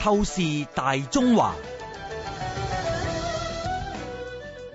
透視大中華，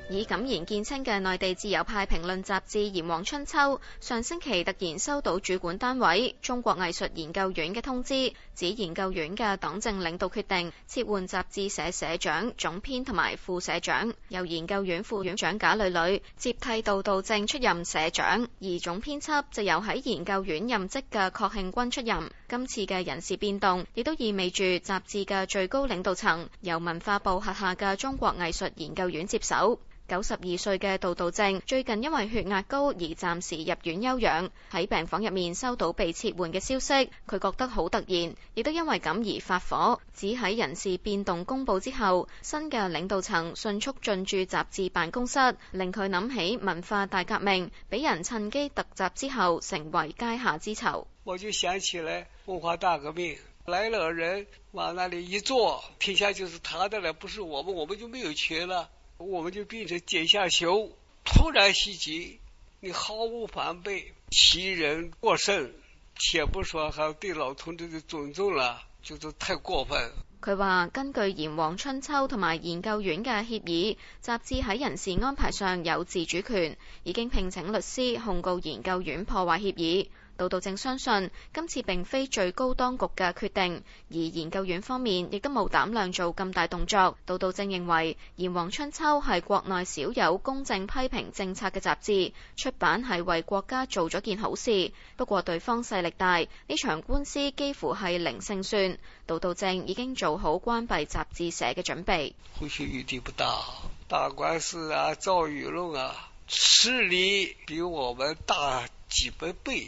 以敢言見稱嘅內地自由派評論雜誌《炎黃春秋》上星期突然收到主管單位中國藝術研究院嘅通知，指研究院嘅黨政領導決定撤換雜誌社社社長、總編同埋副社長，由研究院副院長賈磊磊接替杜導正出任社長，而總編輯就由喺研究院任職嘅郝慶軍出任。今次嘅人事變動，亦都意味住雜誌嘅最高領導層由文化部轄下嘅中國藝術研究院接手。九十二歲嘅杜導正最近因為血壓高而暫時入院休養，喺病房入面收到被撤換嘅消息，佢覺得好突然，亦都因為咁而發火。只喺人事變動公布之後，新嘅領導層迅速進駐雜誌辦公室，令佢諗起文化大革命俾人趁機突襲之後，成為階下之囚。我就想起來，文化大革命來了，人往那裡一坐，天下就是他的了，不是我們，我們就沒有權了，我們就變成階下囚。突然襲擊，你毫無防備，欺人過甚，且不說還對老同志的尊重了，就是太過分。佢話根據《炎黃春秋》同埋研究院嘅協議，雜誌喺人事安排上有自主權，已經聘請律師控告研究院破壞協議。杜導正相信今次並非最高當局嘅決定，而研究院方面亦都冇膽量做咁大動作。杜導正認為《炎黃春秋》係國內少有公正批評政策嘅雜誌出版，係為國家做咗件好事。不過，對方勢力大，呢場官司幾乎係零勝算。杜導正已經做好關閉雜誌社嘅準備。好似餘地不大，打官司啊，造輿論啊，勢力比我們大幾百倍。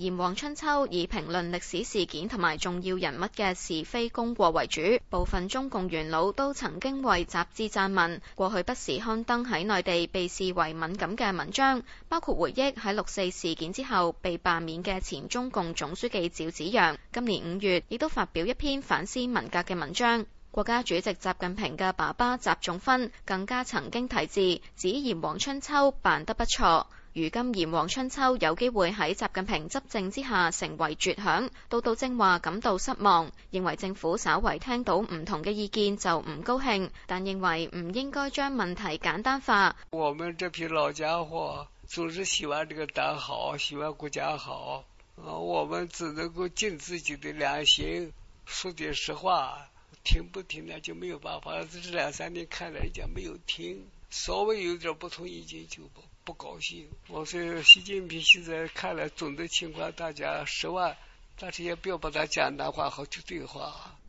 《炎黃春秋》以評論歷史事件同埋重要人物嘅是非功過為主，部分中共元老都曾經為雜誌撰文。過去不時刊登喺內地被視為敏感嘅文章，包括回憶喺六四事件之後被罷免嘅前中共總書記趙紫陽，今年五月亦都發表一篇反思文革嘅文章。國家主席習近平嘅爸爸習仲勳更加曾經題字，指《炎黃春秋》辦得不錯。如今炎黃春秋有機會喺習近平執政之下成為絕響，杜導正話感到失望，認為政府稍微聽到唔同嘅意見就唔高興，但認為唔應該將問題簡單化。我們這批老家伙總是喜歡這個黨好，喜歡國家好，啊，我們只能夠盡自己的良心，說點實話，聽不聽呢就沒有辦法了。這兩三年看了人講沒有聽，稍微有點不同意見就不。不高興，我說習近平現在看總的情況，大家十萬，也不要把化好對。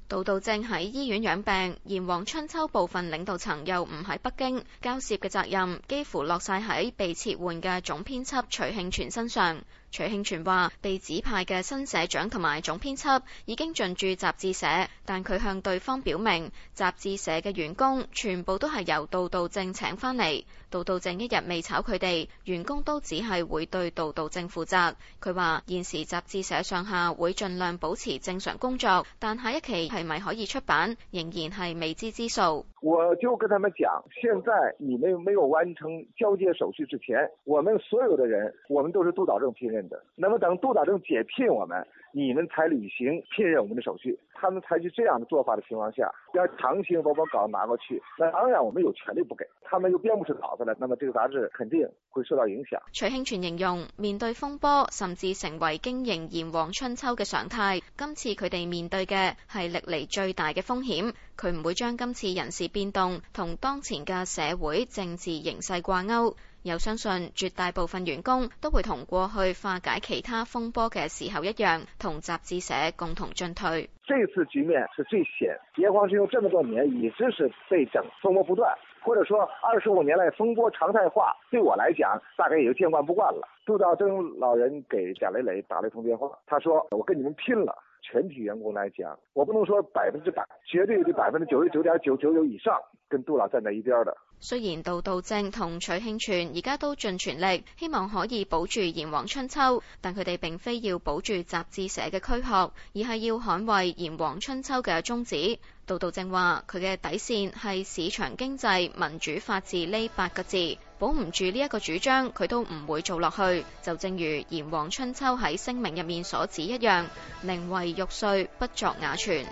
杜導正喺醫院養病，炎黃春秋部分領導層又唔喺北京，交涉嘅責任幾乎落晒喺被撤換嘅總編輯徐慶全身上。徐慶全話：被指派嘅新社長同埋總編輯已經進駐雜誌社，但佢向對方表明，雜誌社嘅員工全部都係由杜導正請翻嚟。杜導正一日未炒佢哋，員工都只係會對杜導正負責。佢話現時雜誌社上下會盡量保持正常工作，但下一期係咪可以出版，仍然係未知之數。我就跟他們講，現在你們沒有完成交接手續之前，我們所有的人，我們都是杜導正聘人。那麼等杜導正解聘我們，你們才履行聘任我們的手續。他們採取這樣的做法的情況下，要強行把我稿拿過去，那當然我們有權利不給。他們又編不出稿子來，那麼這個雜誌肯定會受到影響。徐慶全形容，面對風波，甚至成為經營炎黃春秋嘅常態。今次佢哋面對嘅係歷嚟最大嘅風險。佢唔會將今次人事變動同當前嘅社會政治形勢掛鈎。又相信絕大部分員工都會同過去化解其他風波嘅時候一樣，同雜誌社共同進退。這次局面是最險，因為是用這麼多年，一直是被整風波不斷，或者說二十五年來風波常態化，對我來講大概也就見慣不慣了。杜導正老人給賈磊磊打了一通電話，他說：“我跟你們拼了！全體員工來講，我不能說百分之百，絕對的百分之九十九點九九九以上跟杜老站在一邊的。”雖然杜導正同徐慶全而家都盡全力，希望可以保住《炎黃春秋》，但佢哋並非要保住雜誌社嘅軀殼，而係要捍衛《炎黃春秋》嘅宗旨。杜導正話：佢嘅底線係市場經濟、民主法治呢八個字。保唔住呢一個主張，佢都唔會做落去。就正如炎黃春秋喺聲明入面所指一樣，寧為玉碎，不作瓦全。